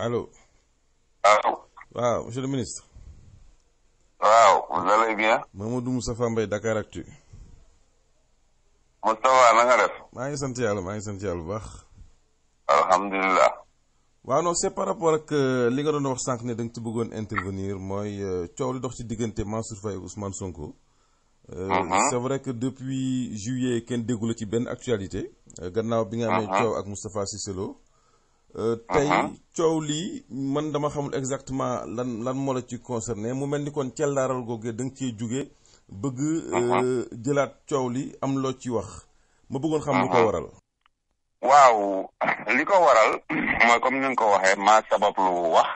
Allô Allô Wow, monsieur le ministre. Wow, vous allez bien. Mamadou Moussafa Mbaye Dakar Actu. Moustapha na nga def. ngi c'est par rapport à euh, li nga wax intervenir as euh, li dox ci Mansour Faye Ousmane euh, mhm. c'est vrai que depuis juillet Ken déggu ci actualité. gannaaw bi nga Euh, tey coow lii man dama xamul exactement lan lan moo la ci concerné mu mel ni kon cellaaral googee da nga cee jóge bëgg euh, jëlaat coow li am loo ci wax ma bëggoon xam lu ko waral waaw li ko waral mooy comme ni nga ko waxee maa sabab lu wax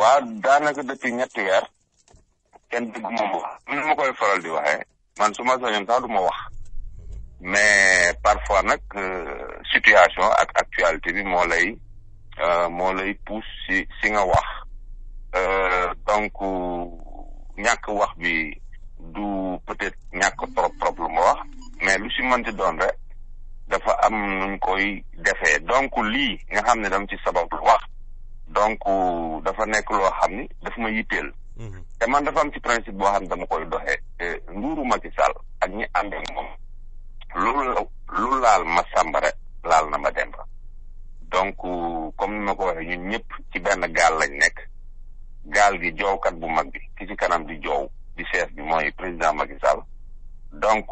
waa daanaka depuis ñetti weer kenn déggu ma wax ni ma koy faral di waxee man su ma sañoon sax du ma wax mais parfois nak euh, situation ak actualité bi mo lay euh, mo lay pousse si nga wax euh, donc ñak wax bi du peut-être ñak trop problème wax mais lu si mënti doon rek dafa am nuñ koy defee donc li, nga xamné ne ci sabab wax donc dafa nek lo xam daf dafa ma yitteel mhm. te man dafa am ci principe bo xam ne dama koy doxee nguuru Macky Sall ak ñi ànd ak lu lu laal ma sàmba rek laal na ma demba donc comme ni ma ko waxee ñun ñëpp ci benn gaal lañ nekk gaal gi joowkat bu mag bi ki ci kanam di joow di chef bi mooy président Macky Sall donc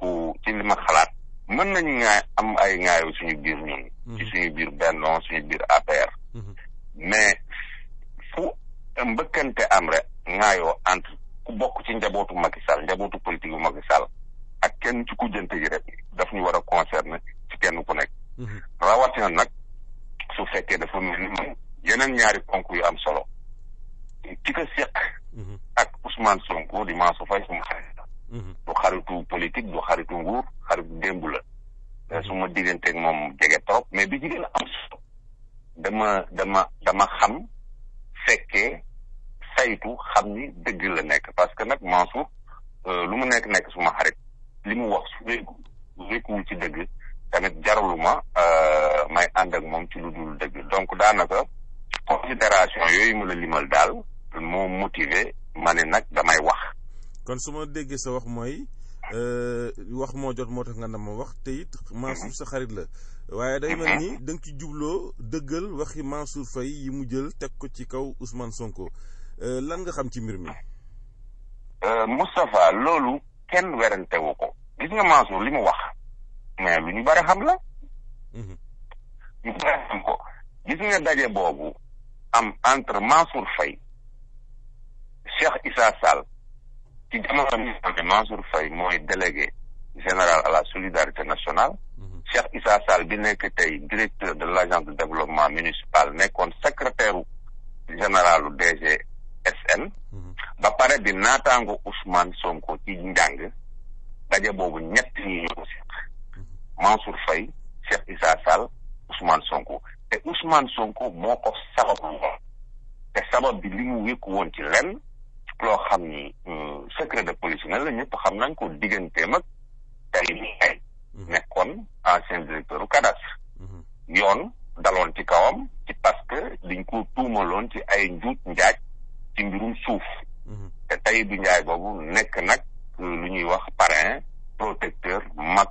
ci li ma xalaat mën nañu ŋaay am ay ŋaayu suñu biir ñun mhm. ci suñu biir Benno suñu biir APR mhm. mais fu mbëkkante am rek ŋaayoo entre ku bokk ci njabootu Macky Sall njabootu politique bu Macky Sall ak kenn ci kujjante yi rek daf ñu war a concerner ci kenn ku nekk mhm. rawatina nag su fekkee dafa mel ni man yeneen ñaari ponk yu am solo ci ko seq mhm. ak Ousmane Sonko di Mansour Faye suma xarit mhm. du xaritu politique du xaritu nguur xaritu démb la eh, suma ak moom jege trop mais bi jigéen am solo dama dama dama xam fekkee saytu xam ni dëgg la nekk parce que nag Mansour euh, lu mu nekk nekk suma xarit li mu wax su lépp mu ci dëgg tamit jaruluma euh, may ànd ak moom ci lu dul dëgg donc daanaka considération yooyu ma la limal daal moo motivé ma ne nag damay wax. kon su ma déggee sa wax mooy euh, wax moo jot moo tax nga na ma wax te it Mansour sa xarit la. waaye day mel ni da nga ci jubloo dëggal waxi Mansour Faye yi mu jël teg ko ci kaw usman Sonko euh, lan nga xam ci mbir mi. Moustapha loolu kenn werantewu ko gis nga Mansour li mu wax. mais nah, lu ñu bari xam la ñu mhm. bari xam ko gis gitu nga ya, daje boobu am entre Mansour Fay. Cheikh Issa Sall ci jamono mi xam ne Mansour Faye mooy délégué général à la solidarité nationale Cheikh mhm. Issa Sall bi nekk tey directeur de l' agence de développement municipal nekkoon secrétaire généralu DGSN mhm. ba pare di naataango Ousmane Sonko ci njàng daje boobu ñett ñi ñëw si Mansour Fay, Cheikh Issa Sall Ousmane Sonko te Ousmane Sonko moo ko te sabab bi limu mu wékku woon ci lenn lo xamni euh, secret de police na la ñëpp xam nañ ko mak tay ni ay nekkon ancien directeur u cadastre mhm. yoon daloon ci kawam ci parce que diñ ko tumalon ci ay njut njaaj ci mbirum suuf mhm. te tay bi njaay bobu nekk nak euh, luñuy wax parrain protecteur mak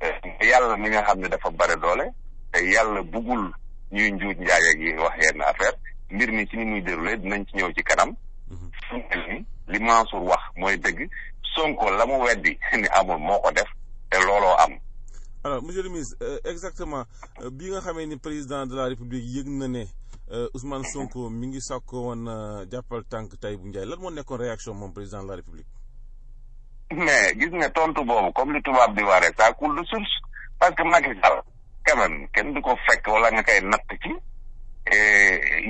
Eh, yàlla mi nga xam ne dafa bare doole te yàlla bugul ñuy njuuj njaaj ak wax yenn affaire mbir mi ci ni muy déroulé dinañ ci ñëw ci kanam mhm. fu mel ni li wax mooy dëgg Sonko la mu weddi ni amul moo ko def te looloo am alors monsieur le ministre euh, exactement euh, bi nga xamee ni président de la république yëg na ne euh, Ousmane Sonko mu ngi sàkko woon jàppal tànk Tahibou Ndiaye lan moo nekkoon réaction moom président de la république mais gis nga tontu boobu comme li tubaab di wax rek ça coule de source parce que Macky Sall quand même kenn du ko fekk wala nga koy natt ci e,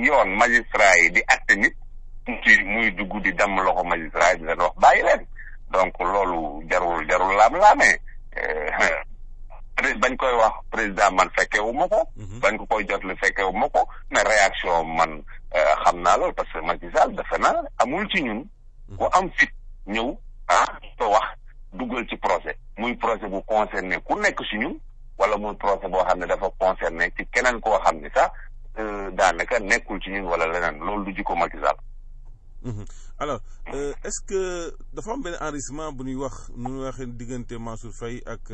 yoon magistrat yi di atte nit ci muy dugg di damm loxo magistrat yi di leen wax bàyyi leen donc loolu jarul jarul laam laamee bañ koy wax président man fekkewu ma ko mhm. bañ ko koy jotli fekkewu ma ko mais réaction man e, xam naa loolu parce que Macky Sall defe na amul ci ñun ku mhm. am fit ci ñu wala muy procès boo xam ne dafa concerné ci keneen koo xam ne sax euh, daanaka nekkul ci ñun wala leneen loolu du jikko Macky Sall mhm. alors euh, est-ce que dafa am benn enrichissement bu nuy wax nu ñuy waxee diggante Mansour Faye ak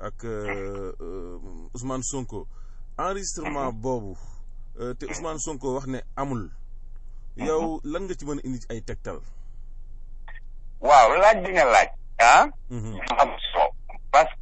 ak euh, euh, Ousmane Sonko enregistrement mhm. boobu euh, te Ousmane Sonko wax ne amul. Mhm. yow lan nga ci mën a indi ay tegtal. waaw laaj bi nga laaj. ah.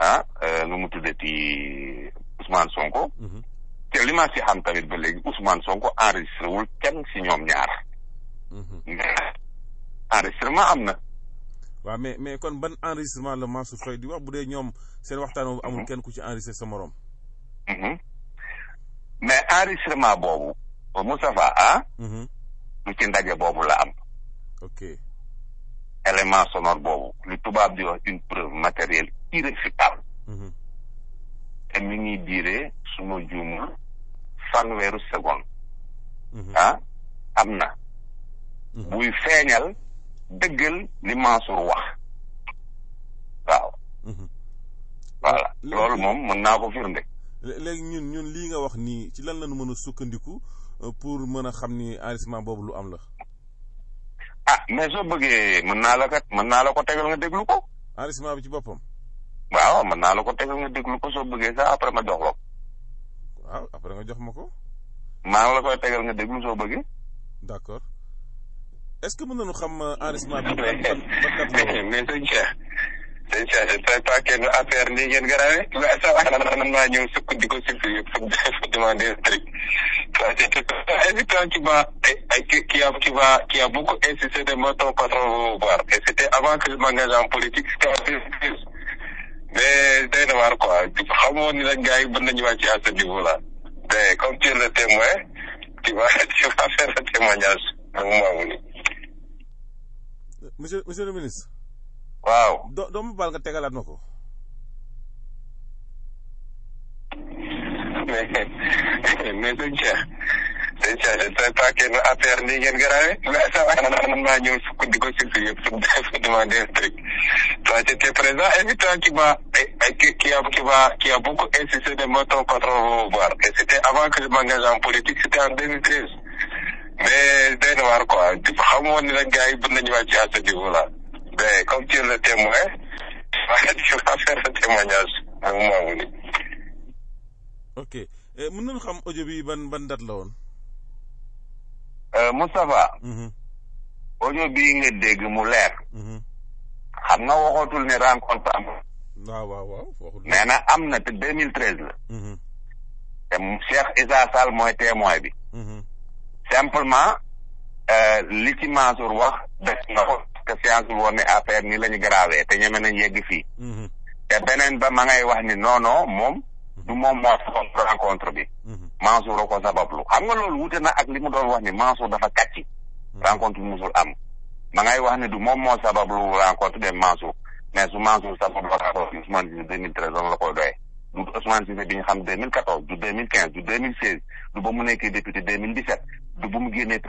ah eh, nu mu tuddati Ousmane Sonko. te mhm. li ma kan si xam tamit ba léegi Ousmane Sonko enregistré wul kenn si ñoom ñaar. mais mhm. enregistrement am na. waaw mais mais kon ban enregistrement la Mansour Faye di wax bu dee ñoom seen waxtaan boobu amul mhm. kenn ku ci enregistré sa morom. mais enregistrement boobu Moustapha ah. lu ci ndaje boobu la am. ok élément sonore boobu li tubaab di wax une preuve matérielle irréfutable mhm. te mi ngi diire suma juuma fanweeru seconde mhm. ah am na mhm. buy feeñal dëggal li Mansour wax waaw voilà loolu moom mën naa ko firnde léegi ñun ñun lii nga wax nii ci lan lañu mën a sukkandiku euh, pour mën a xam ni boobu lu am la ah mais soo bëggee mën naa la kat mën naa la ko tegal nga déglu ko. enregistrement bi ci boppam. waaw mën naa la ko tegal nga déglu ko soo bëggee sax après ma jox waaw après nga jox ma ko. maa la koy tegal nga déglu soo bëggee. d' accord est ce que mën nañu xam euh, enregistrement bi. mais mais déjà je ne savais pas que affaire nii ngeen garaawee mais ça va man maa ñëw sukkandiku surtout pour demander strict. parce que et quand tu vas qui a qui va qui a beaucoup insisté de me ton patron va voir et c' avant que je politique mais day na waar quoi xamoon la gars yi mën nañu wàcc à ce niveau mais comme tu es le témoin tu vas tu vas faire le témoignage ak euh, monsieur le ministre. do doomu baal nga tegalaat ma ko. mais mais sëñ Cheikh sëñ Cheikh tey paquet nu affaire nii ngeen garaawee mais ça va man maa ñëw sukk di ko suuf yëpp pour demander un truc. toi tu étais présent et toi qui m'a qui qui a qui m'a qui a beaucoup insisté de mettre ton patron au pouvoir et c' était avant que je m'engage en politique c' était en 2013 mais day na quoi xamoon ne nag gars yi nañu wàcc à ce niveau là. Ben, comme tu es le témoin, tu ni ok eh, mën nañu xam audio bi ban ban date la woon. Euh, Moustapha. Mhm. audio bii nga dégg mu leer. Mhm. xam nga waxatul ne rencontre am. waaw waaw waaw waxul na am na te 2013 la. Mhm. te Cheikh Issa Sall mooy témoin bi. simplement euh, li wax te science mhm. mhm. bi woon ne affaire nii la ñu lu te ñeme nañ yegg fii. te beneen ba ma ngay wax ni non non moom du mom moo sabab rencontre bi. Mansour a ko lu xam nga loolu wute na ak li mu doon wax ni Mansour dafa kàcci. rencontre bi musul am. ma ngay wax ni du moom moo lu rencontre bi Mansour mais su Mansour lu rencontre bi Ousmane 2013 la koy doyee. nous Ousmane Cissé bi ñu xam 2014 du 2015 du 2016 du ba mu nekkee député 2017 du bu mu génnee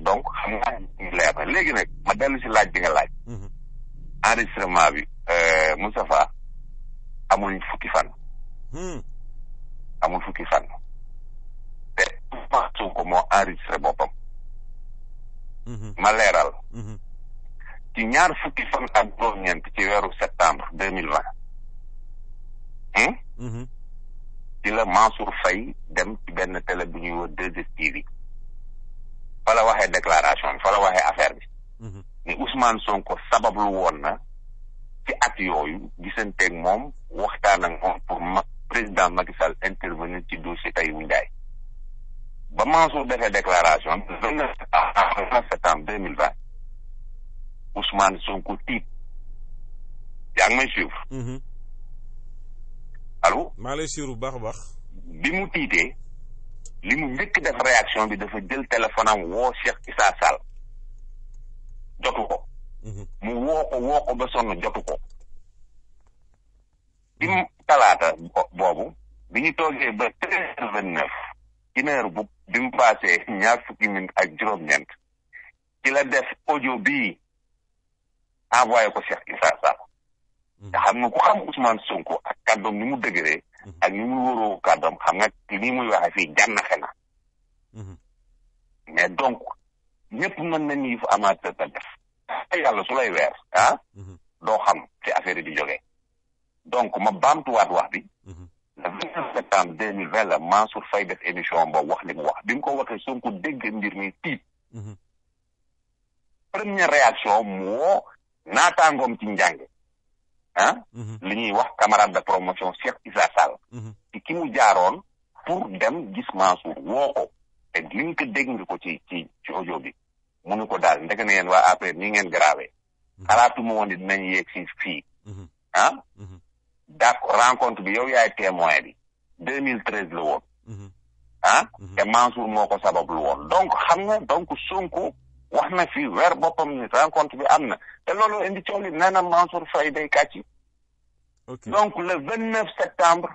donc xam naa ñu leer na léegi nag ma dellu si laaj bi nga laaj. Mhm. enregistrement bi euh, Moustapha amul fukki fan. Hmm. amul fukki fan. te Ousmane Sonko moo enregistré boppam. Mhm. ma leeral. Mhm. ci ñaar fukki fan ak juróom-ñeent ci weeru septembre 2020. ci mm-hmm. la Mansour Faye dem ci benn télé bu ñuy wër 2STV fa la waxee déclaration bi fa waxee affaire bi mm-hmm. ni Ousmane Sonko sabablu woon na ci at yooyu gisanteeg moom waxtaan ak moom pour ma président Macky Sall intervenir ci dossier Tahibou Ndiaye ba Mansour defee déclaration vingt neuf septembre deux mille vingt Ousmane Sonko tiit yaa ngi may suivre mm-hmm. maa lay siiru bu baax bi mu tiitee li mu njëkk def réaction bi dafa jël téléphone am woo Cheikh Issa Sall jotu ko. Mhm. mu woo ko woo ba sonn jotu ko. bi mu talaata boobu bi ñu toogee ba treize heures vingt neuf une heure bu bi mu paasee ñaar fukki minutes ak juróom-ñeent ci la def audio bii envoyé ko Cheikh Issa Sall. te mhm. xam nga ku xam Ousmane Sonko ak kàddoom ni mu dëgëree. Mhm. ak ni mu wóoroo kàddoom xam nga lii muy waxee fii jànnaxe na. Mhm. mais donc ñëpp mën nañu yëfu amateur ta def. ay yàlla su lay ah? doo xam ci affaire yi di jógee. donc ma baamtuwaat wax bi. le vingt neuf septembre deux mille vingt def émission boobu wax li mu wax bi mu ko waxee Sonko dégg mbir mi tiit. première réaction moo naataangoom ci njànge. ah li ñuy wax camarade de promotion Cheikh Issa Sall mhm. ki mu jaaroon pour dem gis Mansour woo ko te li nga ko dégg nga ko ci ci ci audio bi mu ni ko daal ndeke na yeen waa après nii ngeen gravé mhm. xalaatuma woon ni dinañ yegg si fii ah d'accord rencontre bi yow yaay témoin bi deux mille treize la woon ah te Mansour moo ko sabablu woon donc xam nga donc Sonko wax na fii weer boppam ni rencontre bi am na te loolu indi coow li nee na Mansour Faye day kàcc donc le vingt neuf septembre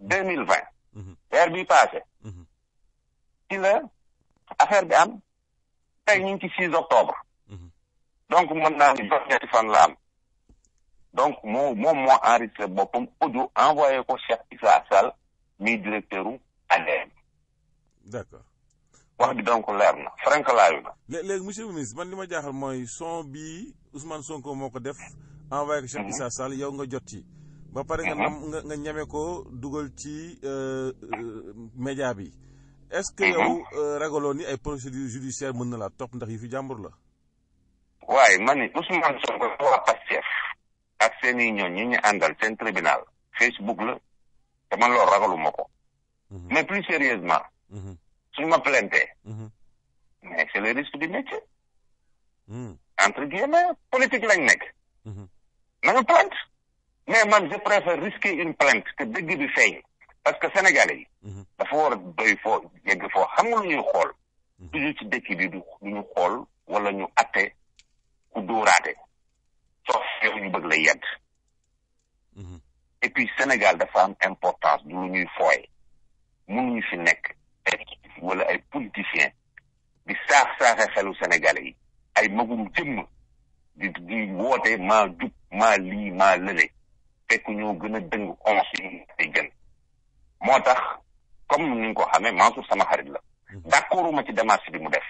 deux mille vingt mhm. weer bi passé mhm. ci la affaire bi am tey ñu ngi ci six octobre mhm. donc mën naa ni jox fan la am donc moo moom moo enregistré boppam audio envoyé ko Cheikh Issa Sall mi directeur u ADM d'accord wax bi donc leer na frank laayu na. léegi monsieur le ministre man li ma jaaxal mooy son bii Ousmane Sonko moo ko def. envoyé ko Cheikh mhm. Issa yow nga jot ci. ba pare nga mhm. nga nga ñeme ko dugal ci euh, euh, média bi. est-ce que mhm. yow euh, ragaloo ni ay procédure judiciaire mën na laa topp ndax yu fi jàmbur la. waaye man ni Ousmane Sonko waa Pastef ak seen i ñoon ñi ñu àndal seen tribunal Facebook la te man loolu ragaluma ko. mais plus sérieusement suñu ma plainte mais mhm. c'est le mm. mhm. risque du métier entre guillemets politique lañ nekk na nga plainte mais man je préfère risquer une plainte que dëgg bi feeñ parce que sénégalais yi dafa mhm. war a doy foo yegg foo xam nga lu ñuy xool toujours ci dëkk bi du ñu xool wala ñu atte ku dóoraate soof yow ñu bëgg la yedd et puis Sénégal dafa am importance du lu ñuy fooye mënuñu fi nekk wala ay politiciens di saax saaxe xelu Sénégalais yi ay magum jëmm di di woote maa jub maa lii maa lële fekk ñoo gën a dëng once yi moo tax comme ni ko xamee sama xarit la mhm. d'accord ci démarche bi mu def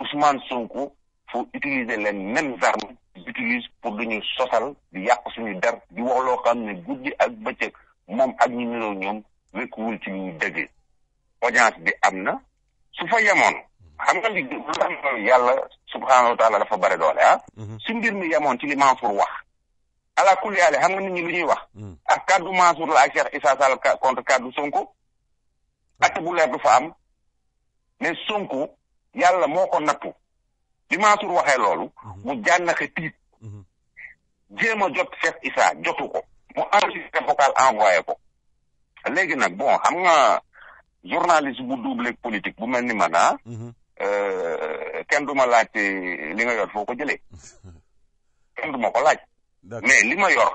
Ousmane Sonko faut utiliser les mêmes armes utilise pour duñu sosal di yàq suñu der di wax loo xam ne guddi ak bëccëg moom ak ñu niroo ñoom wékkuwul ci ñuy dëgg audience bi am na su fa yemoon xam nga li yàlla subhanahu wa taala dafa bare doole ah mhm. su mbir mi yemoon ci li Mansour wax ala kulli ale xam nga nit ñi lu ñuy wax mhm. ak kaddu Mansour la ak Cheikh isa Sall contre kaddu Sonko ak bu leer du fa am mais Sonko yàlla moo ko nattu bi Mansour waxee loolu mhm. mu jànnaxe tiit jéem jot Cheikh isa jotu ko mu enregistré vocal envoyé ko léegi nag bon xam nga Jornalist bou doublek politik, bou men ni manan, ken do man lak te li ngayot fok wadjele? Ken do man wak lak? Men, li ngayot,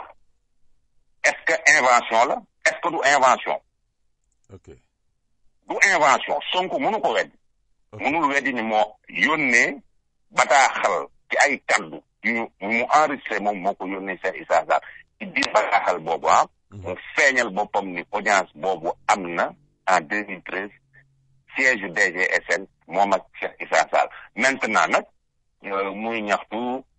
eske inwansyon la? Eske do inwansyon? Do inwansyon, son kou mounou kou redi? Mounou kou redi ni moun, yon ne, bata akal, ki a yi kal do, moun anri se moun moun kou yon ne se isa zan, ki di bata akal bobo, moun fenye l bopom ni kodyans bobo amna, en 2013 siège DGSN Cheikh Issa Sall maintenant ya, muy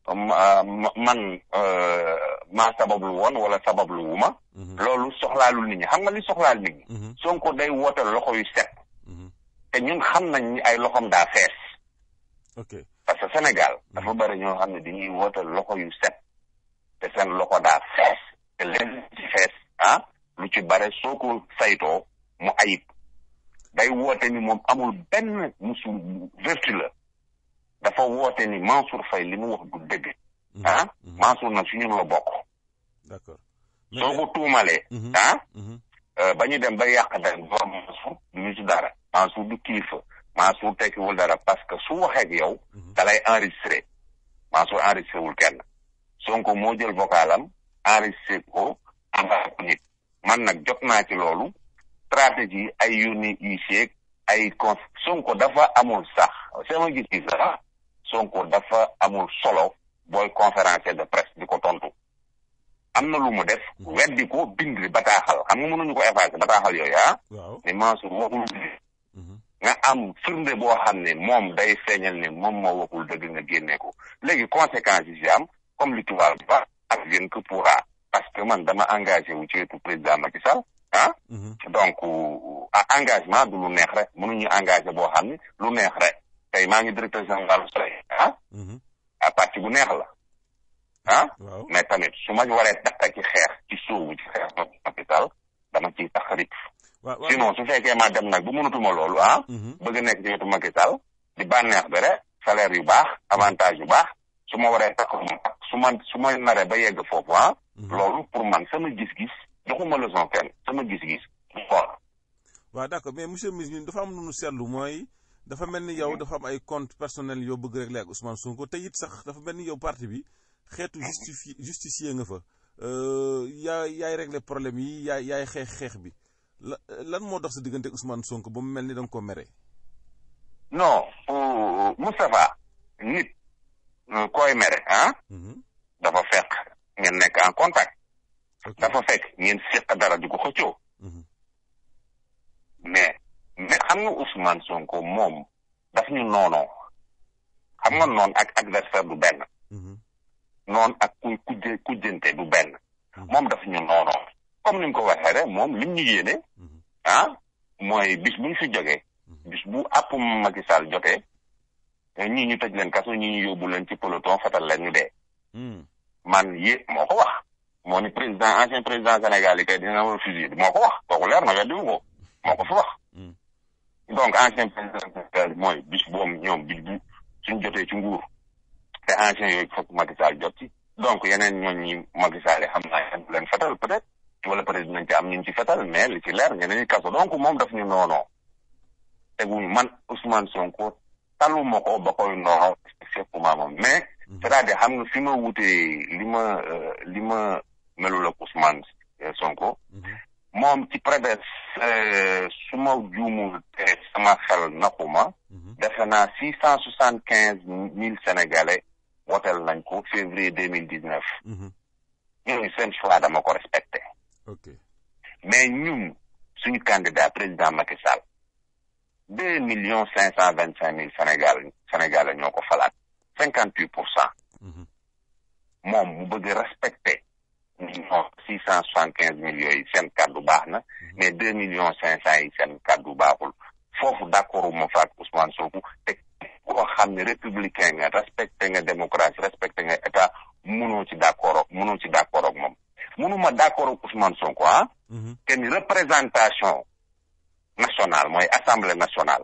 um, uh, man uh, wala wuma mhm. nit ñi xam nga li nit ñi mhm. sonko day loxo yu set mhm. te ñun xam nañ ni ay loxom ok parce que dafa bari xam dañuy loxo set te loxo te ah lu ci bare mu ayib day woote ni moom amul benn musul vertu la dafa woote ni Mansour Faye li mu wax du dëgg mhm. ah mhm. Mansour nag su ñun la bokk soo ko tuumalee mhm. ah euh, ba ñu dem ba yàq da doo Mansour du ñu si dara Mansour du kilifa Mansour tekkiwul dara parce que su waxee ak yow da lay enregistré Mansour enregistré wul kenn Sonko moo jël vocalam enregistré ko envoyé man nag jot naa ci loolu stratégie ay yónni yu seeg ay con Sonko dafa amul sax sama gis-gis la hein? Sonko dafa amul solo booy conférencier de presse di ko tontu am na lu mu def mm. weddi ko bind bataaxal xam nga mënuñu ko effacer bataaxal yooyu hein? ah ni Mansour waxul mm-hmm. nga am firnde boo xam ne moom day feeñal ne moom moo waxul dëgg nga génnee ko léegi conséquences yi am comme li tubaab ba ak yéen que pourra parce que man dama engagé wu ci wetu président Macky Sall ah donc euh, engagement du lu neex rek mënuñu engagé boo xam ni lu neex rek tey maa ngi directeur général soleil ah mhm. à parti bu neex la ah mais tamit su ma waree takk ci xeex ci sóobu ci xeex ma dama ciy tax rip sinon su fekkee maa dem nag bu mënatuma lolu ah mhm. bëgg nekk ci wetu Macky di bànneex bi rek salaire yu baax avantage yu baax su ma waree takk ma su ma su ma naree ba yegg foofu ah loolu pour man sama gis-gis joxuma leçon sama gis-gis xool. mais monsieur dafa am seetlu dafa mel yow dafa am ay compte personnel bëgg rek Ousmane Sonko te sax dafa mel yow parti bi xeetu justifié justifié nga fa. Euh, yaay régler problème yi yaay yaay xeex xeex bi lan moo dox sa diggante Ousmane Sonko ba mu mel ni da nga non euh, Moustapha nit euh, mere ah. dafa fekk ngeen nekk en contact. dafa fekk ngeen seq dara di ko xëccoo. Mhm. mais mais xam nga Ousmane Sonko moom daf ñu noonoo xam nga noon ak adversaire du benn. Mhm. noon ak kuy kujje kujjante du benn. Mhm. moom daf ñu noonoo comme ni mu ko waxee rek moom lim ñu yéene. ah mooy bis bu ñu fi jógee. bis bu àpp Macky Sall jotee. ñii ñu tëj leen kaso ñii ñu yóbbu leen ci peloton fatal leen ñu dee. man yé moo ko wax. mon président ancien président sénégalais, yi kay dina war a fusillé moo ko wax kooku leer na weddi wu ko moo ko fi hmm. donc ancien président sénégalais, mooy bisbom, boobu ñoom bis bu suñ jotee ci nguur te ancien yooyu fokk Macky Sall jot ci. donc yeneen ñooñ ñi Macky Sall xam naa yéen leen fetal peut-être wala peut-être dinañ ci am ñu ci fetal mais li ci leer ñeneen ñi kaso donc moom daf ñu noonoo teguñu man Ousmane Sonko talu ma ko ba koy noonoo sekkuma moom mais hmm. c'est-à-dire xam nga fi ma wutee li ma euh, li ma. Melula Ousmane Sonko mom mhm. ci prebes euh, suma djumu te sama xel nakuma 675 675000 sénégalais wotel février 2019 ñu ngi seen choix je ko respecté mais ñun suñu candidat président Macky Sall 2 millions 525 Sénégal Sénégalais ñoko falat 58% mom vous bëgg respecter huit millions soixante quinze mille mais 2 millions 500 cent il seen kaddu d'accord ma fat Ousmane Sonko te ko xamné républicain nga respecté nga démocratie respecté nga état mënoo ci d'accord mënoo ci d'accord ak mom mënuma d'accord ak Ousmane Sonko ah. mm-hmm. que te ni représentation nationale moy assemblée nationale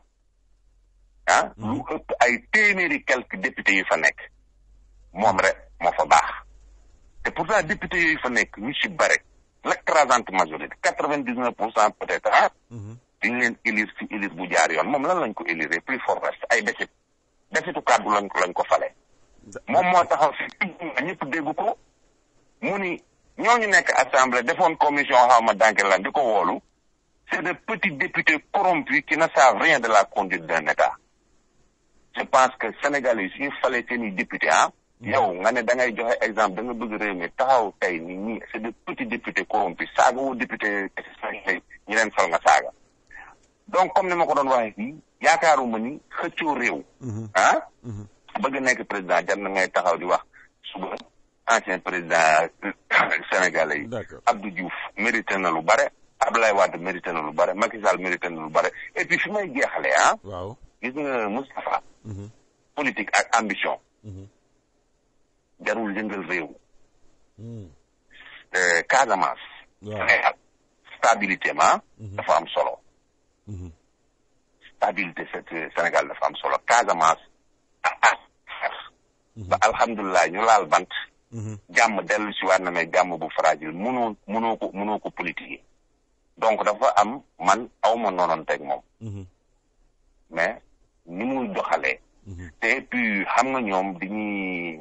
hein lu ay téméré quelques députés yu fa nek mom rek moo fa pourtant député députés, fa sont ñu si bare l'écrasante majorité 99% peut-être ah. Mhm. dañ leen élire si ils bu jaar yoon moom lan lañ ko élire plus fort reste ay desit desitu kàddu lañ ko lañ ko fale. moom moo taxaw si ñëpp dégg ko mu ni ñooñu nek assemblée defoon commission xaw ma dànke lan di c'est des petits députés corrompus qui ne savent rien de la conduite d'un État je pense que Sénégalais il fallait tenir seen député ah, yow nga ne da ngay joxe exemple danga bëgg réew mi taxaw tey nit ñi c'est de petits députés corrompus saaga woo député ñi leen sol nga saaga donc comme ni ma ko doon waxee fii yaakaaruma ni xëccoo réew mhm. Ah? Mhm. bëgg nekk président jar na ngay taxaw di wax suba ancien président euh, sénégalais yi Abdou Diouf mérité na lu bare Abdoulaye Wade mérité na lu bare Macky Sall mérité na lu bare et puis fi may jeexalee ah gis nga Moustapha mhm. politique ak ambition jarul yëngal réew. Hmm. Euh, Casamance. stabilité ma. Hmm. dafa am solo. Hmm. stabilité euh, Sénégal dafa am solo Casamance ba alhamdulilah ñu laal bant. jàmm dellu si waat na mais jàmm bu fragile mënoo mënoo ko mënoo ko politique donc dafa am man aw ma noonoon teg moom. mais ni muy doxalee. te puis xam nga ñoom dañuy.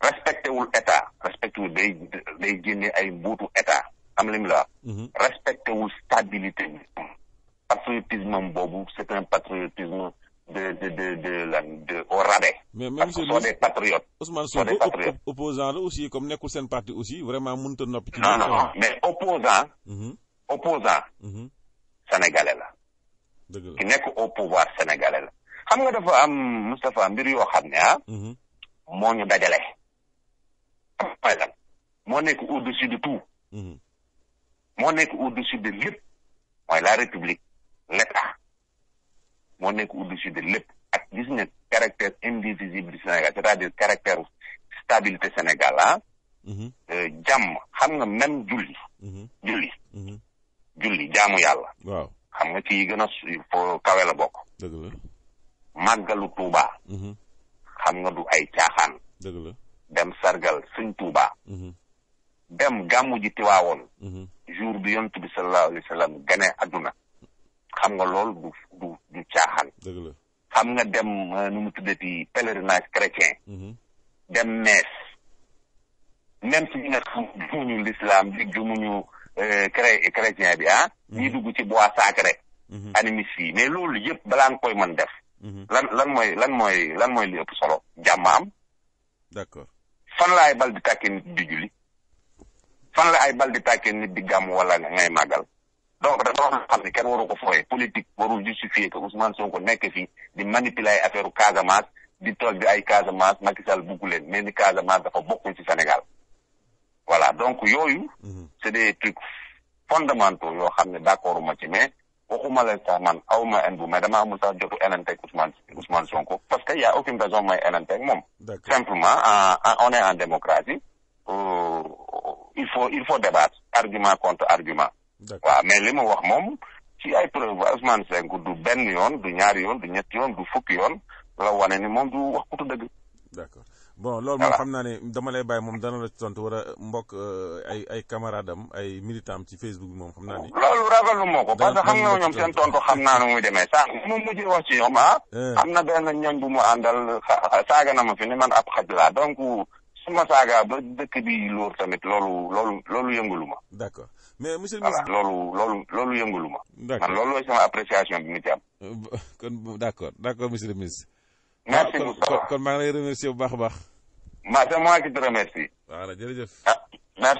respecté wul état respecté wul day day génne ay mbuutu état am lim la mhm. respecté wul stabilité bi boobu c'est un patriotisme de de de de lan de au rabais. mais même soo dee patriote. Ousmane Sonko opposant la aussi comme nekkul seen parti aussi vraiment mënut a noppi. ci non non mais opposant mhm. opposant mhm. sénégalais la. dëgg la ki nekk au pouvoir sénégalais la. xam nga dafa am Moustapha mbir yoo xam ne ah. moo ñu dajale. par moo nekk au-dessus de tout. Mhm. moo nekk au-dessus de lépp mooy la république l'État moo nekk au-dessus de lépp ak gis nga caractère indivisible du Sénégal c'est-à-dire caractère stabilité Sénégal ah. Mhm. Euh, jàmm xam nga même julli. Mhm. julli. jaamu yàlla. waaw xam nga ci gën a fo kawe la bokk. dëgg màggalu Tuuba. xam nga du ay caaxaan. dëgg dem sargal seigne touba mhm. dem gamu ji tiwawon mhm. jour bi yonte bi sallallahu alaihi wasallam gane aduna xam nga lol du du du chaahal xam nga dem euh, nu mu tuddati pèlerinage chrétien mhm. dem mess même si nga xam ñu l'islam bi jumuñu euh, chrétien bi ah ñi dugg ci bois sacré animiste fi mais loolu yépp balaa koy mën def lan lan moy lan moy lan moy li ëpp solo jamam, d'accord fan la ay bal di takki nit di julli fan la ay bal di takki nit di gam wala ngay magal donc da doon xam ni kenn waru ko fooye politique waru justifier que Ousmane Sonko nekk fi di manipuler ay affaire Casamance di tol di ay Casamance Macky Sall bugu len mais ni Casamance dafa bokku ci Sénégal voilà donc yoyu mhm. c'est des trucs fondamentaux yo xamni d'accordu ma ci mais waxuma la sax man awma en bu mais dama amul sax jotu enante ak Ousmane Ousmane Sonko parce que y a aucune raison may enante moom simplement on est en démocratie euh, il faut il faut débattre argument contre argument waaw mais li mu wax moom ci ay preuve Ousmane Sonko du benn yoon du ñaari yoon du ñetti yoon du fukk yoon la wane ni moom du wax kutu dëgg bon loolu moom xam naa ne dama lay bàyyi moom dana la ci tontu war a mbokk euh, ay ay ay militant ci Facebook bi moom xam naa ne. loolu ragalu ko parce que xam nga naa nu demee sànq mu mujjee wax ci ñoom ah. Eh. am na benn ñoñ bu mu àndal saaga na ma fi ne man ab xaj laa donc su ma saaga ba dëkk bi lóor tamit loolu loolu loolu yëngalu ma. d' mais monsieur le ministre. loolu loolu loolu yëngalu ma. d' accord man loolu bi mu ci am. Euh, kon d' accord ah, lay remercier bu baax a baax. ma c'est moi qui te remercie. voilà jërëjëf. ah merci.